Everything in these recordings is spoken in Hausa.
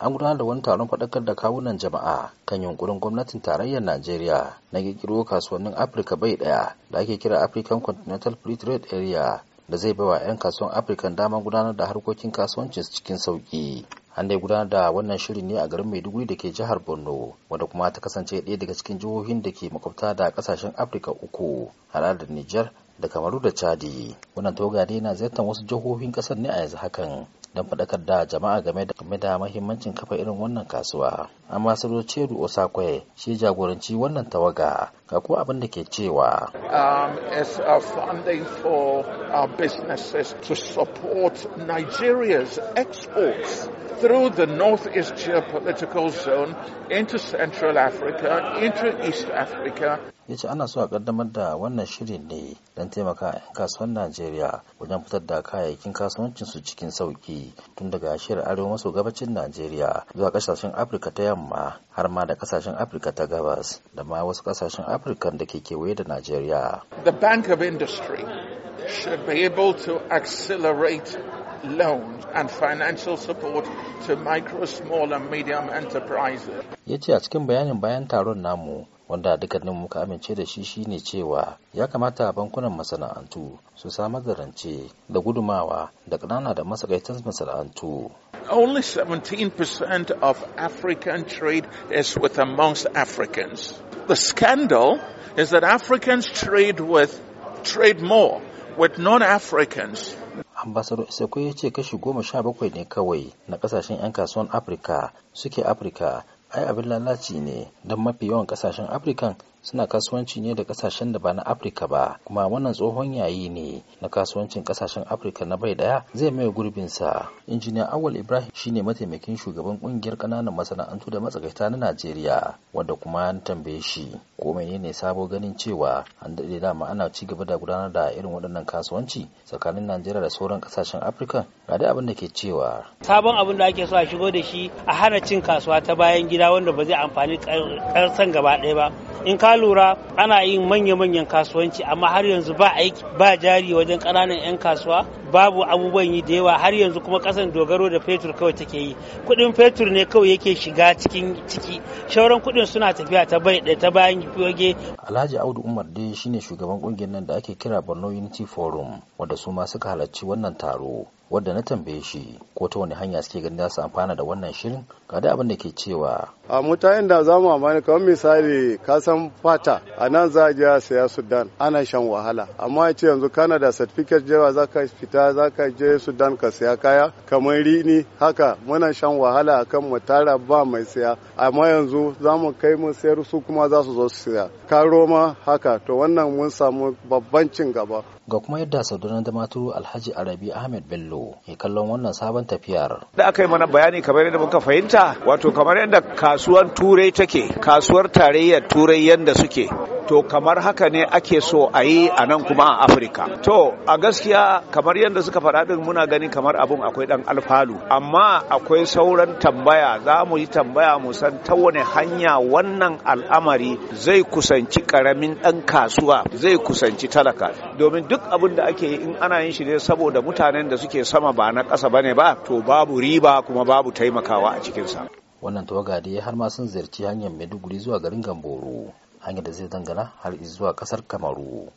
an gudanar da wani taron faɗakar da kawunan jama'a kan yunkurin gwamnatin tarayyar Najeriya na kirkiro kasuwannin Afirka bai ɗaya da ake kira African Continental Free Trade Area da zai wa 'yan kasuwan Afirka damar gudanar da harkokin kasuwancin cikin sauki. an dai gudanar da wannan shirin ne a garin maiduguri da ke jihar borno wanda kuma ta kasance ɗaya daga cikin jihohin da ke makwabta da kasashen afirka uku haɗa da nijar da kamaru da chadi wannan toga dai na ziyartar wasu jihohin ƙasar ne a yanzu hakan don faɗakar da jama'a game da game da mahimmancin kafa irin wannan kasuwa amma sabo ceru osakwe shi jagoranci wannan tawaga ga ko abin da ke cewa um, as a funding for our businesses to support Nigeria's exports through the northeast geopolitical zone into Central Africa, into East Africa. ya ce ana so a kaddamar da wannan shirin ne don taimaka a 'yan kasuwan najeriya wajen fitar da kayayyakin kasuwancinsu cikin sauki tun daga shirin arewa maso gabacin najeriya zuwa kasashen afirka ta yamma har ma da kasashen afirka ta gabas da ma wasu kasashen afirka da ke kewaye da najeriya the bank of industry should to accelerate loans and financial support to micro, and medium enterprises. Ya ce a cikin bayanin bayan taron namu wanda dukkanin muka amince da shi shine cewa ya kamata bankunan masana'antu su samar da rance da gudumawa da ƙanana da masakaitan masana'antu. Only 17% of African trade is with amongst Africans. The scandal is that Africans trade with trade more with non-Africans. Ambassador isakwe ya ce kashi goma sha bakwai ne kawai na kasashen 'yan kasuwan afirka suke afirka ai abin lalaci ne don mafi yawan kasashen afirka suna kasuwanci ne da kasashen da ba na afirka ba kuma wannan tsohon yayi ne na kasuwancin kasashen afirka na bai daya zai mai gurbinsa injiniya awal ibrahim shine mataimakin shugaban kungiyar kananan masana'antu da matsakaita na najeriya wanda kuma an tambaye shi ko menene sabo ganin cewa an daɗe dama ana ci gaba da gudanar da irin waɗannan kasuwanci tsakanin najeriya da sauran kasashen afirka ga dai abin da ke cewa sabon abin da ake so a shigo da shi a hana cin kasuwa ta bayan gida wanda ba zai amfani ƙarsan gaba ɗaya ba in ka lura ana yin manya-manyan kasuwanci amma har yanzu ba aiki ba jari wajen kananan 'yan kasuwa babu abubuwan yi da yawa har yanzu kuma kasan dogaro da fetur kawai take yi kuɗin fetur ne kawai yake shiga cikin ciki shauran kuɗin suna tafiya ta bai da ta bayan yoge alhaji audu umar dai shine shugaban kungiyar nan da ake kira borno unity forum wanda su ma suka halarci wannan taro wadda na tambaye shi ko ta wani hanya suke ganin za su amfana da wannan shirin ga da abin da ke cewa a mutanen da za mu amfani kamar misali kasan fata a nan za a je saya sudan ana shan wahala amma ce yanzu kana da certificate jewa za ka fita za ka je sudan ka saya kaya kamar rini haka muna shan wahala a kan tara ba mai saya amma yanzu za mu kai mu sayar su kuma za su zo su saya karo ma haka to wannan mun samu babban cin gaba ga kuma yadda sadunan da maturu alhaji arabi ahmed bello Bello kallon wannan sabon tafiyar. Da aka yi mana bayani kamar yadda muka fahimta wato kamar yadda kasuwar turai take kasuwar tarayyar turai yadda suke to kamar haka ne ake so a yi a nan kuma a afirka to a gaskiya kamar yadda suka faɗa ɗin muna gani kamar abun akwai ɗan alfalu amma akwai sauran tambaya za mu yi tambaya mu san ta wani hanya wannan al'amari zai kusanci karamin ɗan kasuwa zai kusanci talaka domin duk abin da ake yi in ana yin shi ne saboda mutanen da suke sama ba na ƙasa bane ba to babu riba kuma babu taimakawa a cikinsa wannan tawaga dai har ma sun ziyarci hanyar maiduguri zuwa garin gamboro hanyar da zai dangana har zuwa kasar kamaru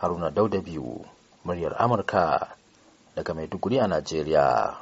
haruna dauda biyu muryar amurka daga maiduguri a najeriya